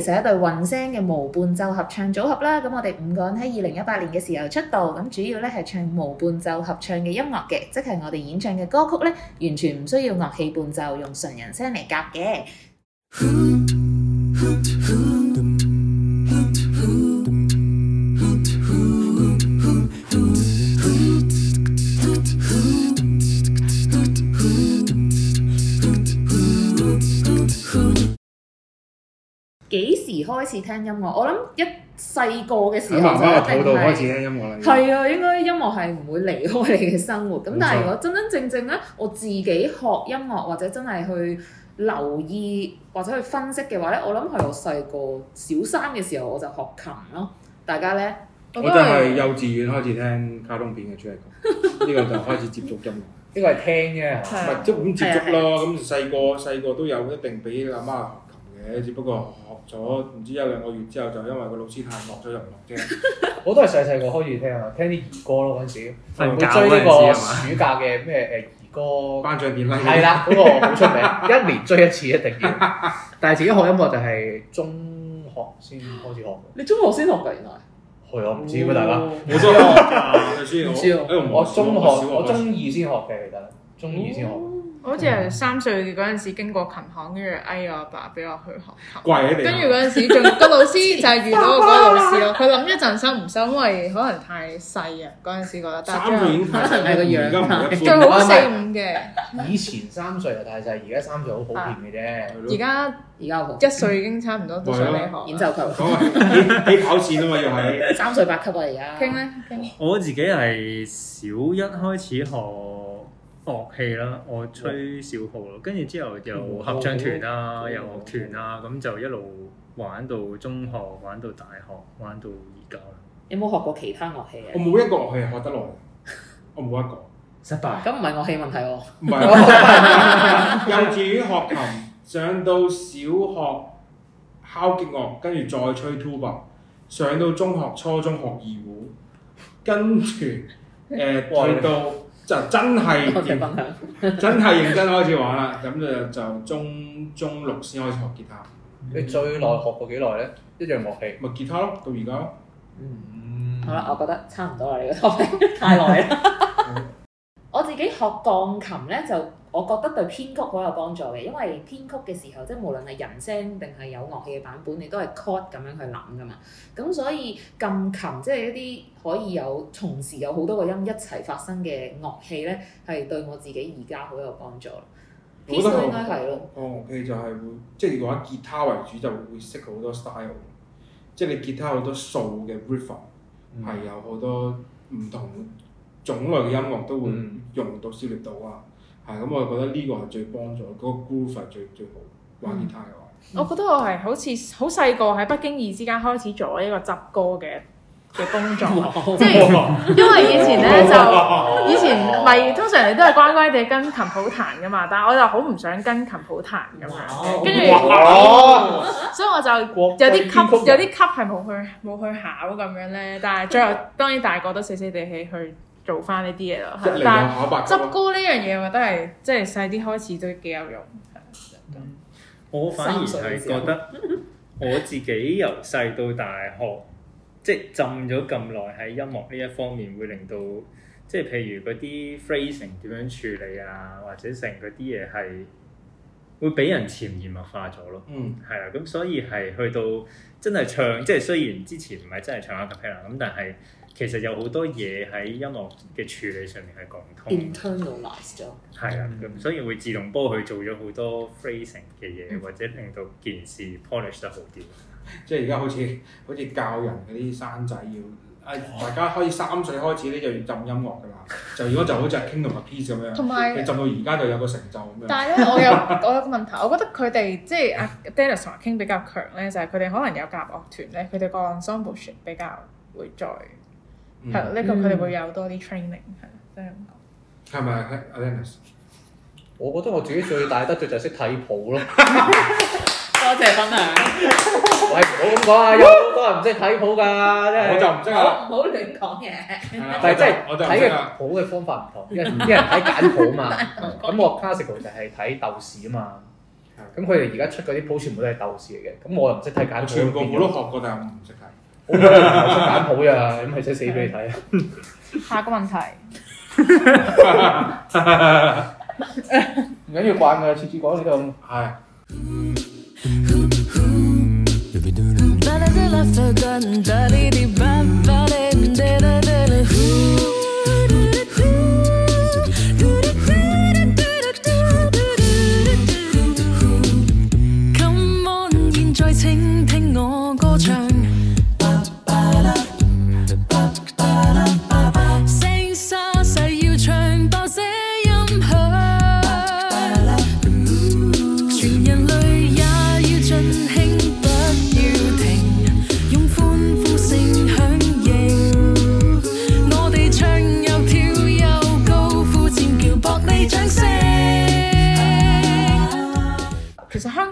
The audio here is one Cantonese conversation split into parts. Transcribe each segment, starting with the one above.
其實一對混聲嘅無伴奏合唱組合啦，咁我哋五個人喺二零一八年嘅時候出道，咁主要咧係唱無伴奏合唱嘅音樂嘅，即係我哋演唱嘅歌曲咧，完全唔需要樂器伴奏，用純人聲嚟夾嘅。 開始聽音樂，我諗一細個嘅時候就一定係，係啊，應該音樂係唔會離開你嘅生活。咁但係如果真真正正咧，我自己學音樂或者真係去留意或者去分析嘅話咧，我諗係我細個小三嘅時候我就學琴咯。大家咧，我真係幼稚園開始聽卡通片嘅主題曲，呢個就開始接觸音樂。呢個係聽啫，即係點接觸咯？咁細個細個都有一定俾阿媽。誒，只不過學咗唔知一兩個月之後，就因為個老師太落咗就唔落啫。我都係細細個開始聽啊，聽啲兒歌咯嗰陣時。瞓覺嗰陣追呢個暑假嘅咩，誒兒歌。頒獎典禮。係啦，嗰個好出名，一年追一次一定要。但係自己學音樂就係中學先開始學。你中學先學㗎而家？係，我唔知咩大家。唔知我中學，我中二先學嘅，其實中二先學。好似係三歲嗰陣時經過琴行，跟住哎我阿爸俾我去學琴。貴喺跟住嗰陣時仲個老師就係遇到嗰個老師咯。佢諗一陣收唔收，因為可能太細啊。嗰陣時覺得。三歲已經太細，而家唔一般啦。最好四五嘅。以前三歲就太細，而家三歲好普遍嘅啫。而家而家一歲已經差唔多都想你學演奏級。幾幾考級啊嘛，又係。三歲八級啊，而家。傾咧傾。我自己係小一開始學。樂器啦，我吹小號咯，跟住之後就合唱團啊，哇又樂團啊，咁哇就一路玩到中學，玩到大學，玩到而家。你有冇學過其他樂器啊？我冇一個樂器學得落， 我冇一個失敗。咁唔係樂器問題，啊，我幼稚園學琴，上到小學敲擊樂，跟住再吹 tuba，上到中學初中學二胡，跟住誒、呃、 去到。就真係真係認真開始玩啦，咁就 就中 中六先開始學吉他。嗯、你最耐學過幾耐咧？一樣樂器，咪吉他咯，到而家咯。嗯，好啦，我覺得差唔多啦，呢個 太耐啦。我自己學鋼琴咧就。我覺得對編曲好有幫助嘅，因為編曲嘅時候，即係無論係人聲定係有樂器嘅版本，你都係 chord 咁樣去諗噶嘛。咁所以，鋼琴即係一啲可以有同時有好多個音一齊發生嘅樂器咧，係對我自己而家好有幫助。應該係咯。樂器、哦 okay，就係會，即係如果以吉他為主，就會識好多 style。即係你吉他好多掃嘅 riff，係有好多唔同種類嘅音樂都會用到，到，涉獵到啊。嗯嗯。咁，我覺得呢個係最幫助，嗰個 guitar 最最好玩 guitar 嘅。我覺得我係好似好細個喺不經意之間開始做一個執歌嘅嘅工作，即係哇因為以前咧哇就以前咪哇通常你都係乖乖哋跟琴譜彈噶嘛，但係我又好唔想跟琴譜彈咁樣，跟住所以我就有啲級有啲級係冇去冇去考咁樣咧，但係最後當然大個都死死地起去。做翻呢啲嘢咯，嗯、但係執歌呢樣嘢，我覺得係即係細啲開始都幾有用。嗯，我反而係覺得我自己由細到大學， 即係浸咗咁耐喺音樂呢一方面，會令到即係譬如嗰啲 phrasing 點樣處理啊，或者成嗰啲嘢係會俾人潛移默化咗咯。嗯，係啦、嗯，咁所以係去到真係唱，即係雖然之前唔係真係唱 a cappella 咁，但係。其實有好多嘢喺音樂嘅處理上面係講唔通，internalize 咗，係啊，咁的、嗯、所以會自動幫佢做咗好多 phrasing 嘅嘢，嗯、或者令到件事 polish 得好啲。即係而家好似好似教人嗰啲生仔要啊，大家可以三歲開始咧就要浸音樂㗎啦。就如果就好似係 King 同 Peace 咁樣，嗯、你浸到而家就有個成就咁樣。有 但係咧，我有我有個問題，我覺得佢哋即係啊，Dennis 同埋 King 比較強咧，就係佢哋可能有夾樂團咧，佢哋個 ensemble 比較會再。係呢個佢哋會有多啲 training，係真係咁講。係咪 a l 我覺得我自己最大得着就係識睇譜咯。多謝分享。喂，唔好咁講啊！有好多人唔識睇譜噶，真係。我就唔識啊。唔好亂講嘢。但係即係睇嘅譜嘅方法唔同，因為啲人睇簡譜嘛。咁我 classical 就係睇豆豉啊嘛。咁佢哋而家出嗰啲譜全部都係豆豉嚟嘅，咁我又唔識睇簡譜。全部我都學過，但係我唔識睇。我出簡譜呀，咁係真死俾你睇啊！下個問題，唔緊要，慣㗎，次次講你都係。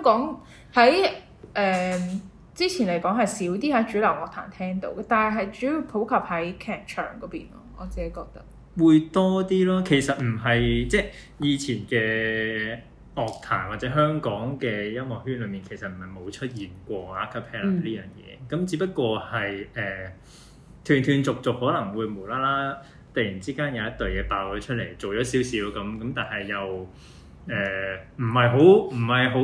講喺誒、呃、之前嚟講係少啲喺主流樂壇聽到嘅，但係係主要普及喺劇場嗰邊咯。我自己覺得會多啲咯。其實唔係即係以前嘅樂壇或者香港嘅音樂圈裡面，其實唔係冇出現過 a cappella 呢樣嘢。咁、嗯啊、只不過係誒、呃、斷斷續續可能會無啦啦突然之間有一隊嘢爆咗出嚟，做咗少少咁咁，但係又。誒唔係好唔係好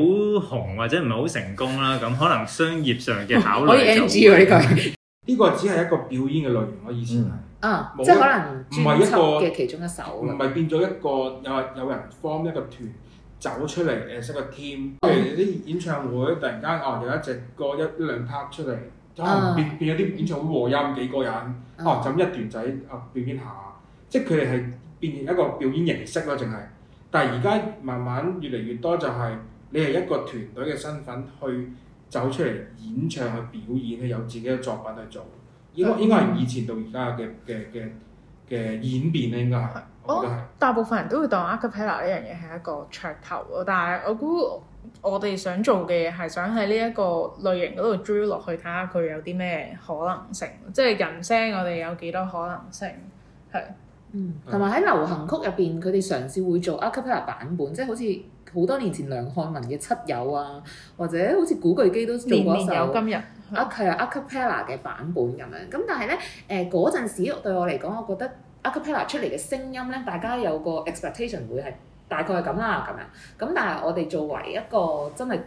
紅或者唔係好成功啦，咁可能商業上嘅考慮就可以 NG 喎，呢個呢個只係一個表演嘅內容咯，以前係啊，即係可能唔係一個嘅其中一首，唔係變咗一個有有人 form 一個團走出嚟誒，成個 team，譬如啲演唱會突然間哦有一隻歌一一兩 part 出嚟，可能變變咗啲演唱會和音幾個人，哦就咁一段仔啊表演下，即係佢哋係變成一個表演形式咯，淨係。但係而家慢慢越嚟越多就係你係一個團隊嘅身份去走出嚟演唱去表演咧，去有自己嘅作品去做，應該應該係以前到而家嘅嘅嘅嘅演變咧，應該係。我覺得、哦、大部分人都會當 a cappella 呢樣嘢係一個噱頭咯，但係我估我哋想做嘅嘢係想喺呢一個類型嗰度追落去，睇下佢有啲咩可能性，即係人聲我哋有幾多可能性係。嗯，同埋喺流行曲入邊，佢哋、嗯、嘗試會做 a cappella 版本，嗯、即係好似好多年前梁漢文嘅《七友》啊，或者好似古巨基都做過一首《年年有今日》嗯。年年有今日》a cappella 嘅版本咁樣。咁但係咧，誒嗰陣時對我嚟講，我覺得 a cappella 出嚟嘅聲音咧，大家有個 expectation 會係大概係咁啦咁樣。咁但係我哋作為一個真係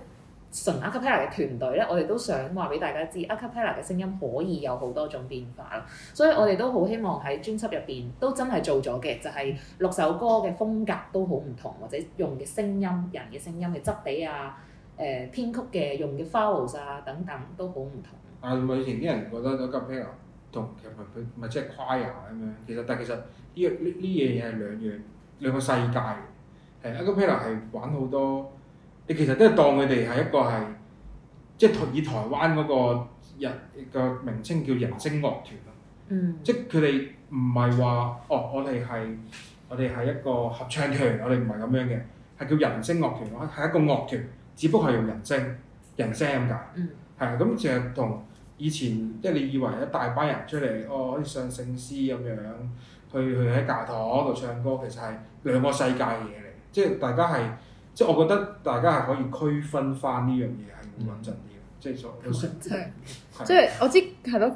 純 a cappella 嘅團隊咧，我哋都想話俾大家知，a cappella 嘅聲音可以有好多種變化咯。所以我哋都好希望喺專輯入邊都真係做咗嘅，就係、是、六首歌嘅風格都好唔同，或者用嘅聲音、人嘅聲音嘅質地啊、誒、呃、編曲嘅用嘅 vowels 啊等等都好唔同。啊，唔係以前啲人覺得 a cappella 同其實唔係唔係即係 choir 咁樣，其實,是是 ire, 其實但其實呢呢呢樣嘢係兩樣兩個世界嘅。a cappella 係玩好多。你其實都係當佢哋係一個係，即係台以台灣嗰個人嘅名稱叫人聲樂團咯。嗯。即係佢哋唔係話，哦，我哋係我哋係一個合唱團，我哋唔係咁樣嘅，係叫人聲樂團，係一個樂團，只不過係用人聲人聲咁解。嗯。係啊，咁其實同以前即係你以為一大班人出嚟，哦，好似上聖詩咁樣去去喺教堂度唱歌，其實係兩個世界嘅嘢嚟，即係大家係。即係我覺得大家係可以區分翻呢樣嘢係好穩陣啲，即係所有聲，係、嗯，即係我知係咯。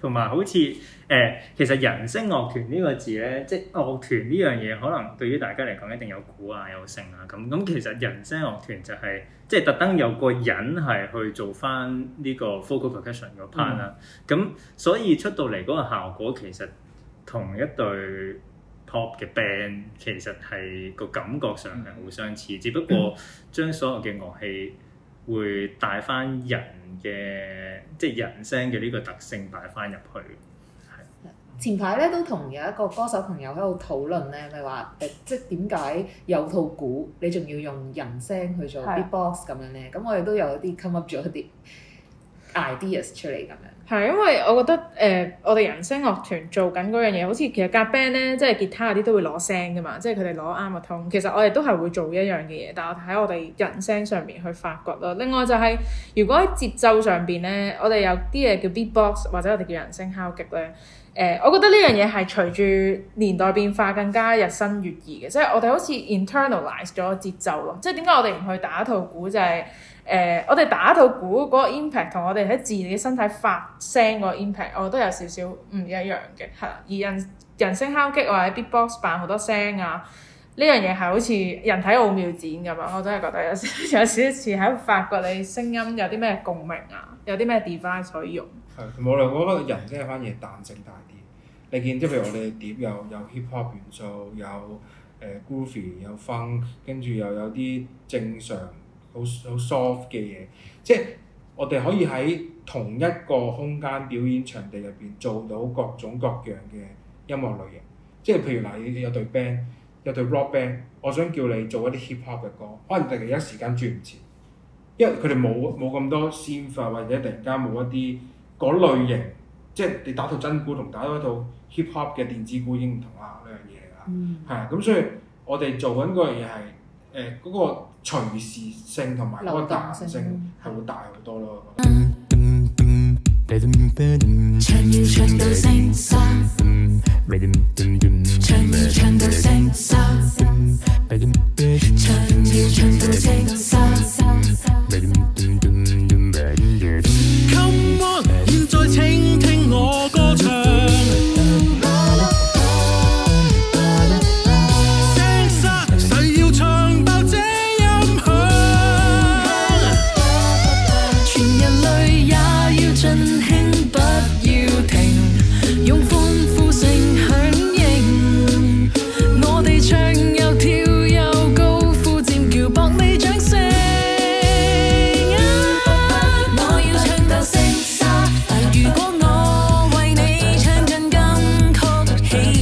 同埋好似誒、呃，其實人聲樂團呢個字咧，即、就、係、是、樂團呢樣嘢，可能對於大家嚟講一定有鼓呀有聲啊咁。咁其實人聲樂團就係即係特登有個人係去做翻呢個 vocal percussion 嗰 part 啦，嗯。咁所以出到嚟嗰個效果其實同一對 pop 嘅 band 其實係個感覺上係好相似，嗯、只不過將所有嘅樂器會帶翻人嘅，即係人聲嘅呢個特性帶翻入去。係前排咧都同有一個歌手朋友喺度討論咧，咪話誒，即係點解有套鼓你仲要用人聲去做 beatbox 咁樣咧？咁我哋都有一啲 come up 咗一啲 ideas 出嚟咁樣，係因為我覺得誒、呃，我哋人聲樂團做緊嗰樣嘢，好似其實夾 band 咧，即係吉他嗰啲都會攞聲㗎嘛，即係佢哋攞啱個通。其實我哋都係會做一樣嘅嘢，但係我睇我哋人聲上面去發掘咯。另外就係、是、如果喺節奏上邊咧，我哋有啲嘢叫 beatbox，或者我哋叫人聲敲擊咧。誒、呃，我覺得呢樣嘢係隨住年代變化更加日新月異嘅，即係我哋好似 internalize 咗節奏咯。即係點解我哋唔去打一套鼓？就係、是、誒、呃，我哋打一套鼓嗰、那個 impact 同我哋喺自己身體發聲嗰個 impact，我覺得有少少唔一樣嘅。係而人人聲敲擊或者 beatbox 扮好多聲啊，呢樣嘢係好似人體奧妙展咁啊！我真係覺得有少有少似喺發覺你聲音有啲咩共鳴啊，有啲咩 device 可以用。係，冇理、嗯、我覺得人即係反而彈性大啲。你見即譬如我哋碟有有 hip hop 元素，有誒 groovy 有 funk 跟住又有啲正常好好 soft 嘅嘢。即係我哋可以喺同一個空間表演場地入邊做到各種各樣嘅音樂類型。即係譬如嗱，有隊 band，有隊 rock band，我想叫你做一啲 hip hop 嘅歌，可能突然一時間轉唔切，因為佢哋冇冇咁多先發，或者突然間冇一啲。嗰類型，即係你打套真鼓同打一套 hip hop 嘅電子鼓已經唔同啦，呢樣嘢嚟㗎。係啊、嗯，咁所以我哋做緊嗰樣嘢係誒嗰個隨時性同埋嗰個彈性係會大好多咯。那個嗯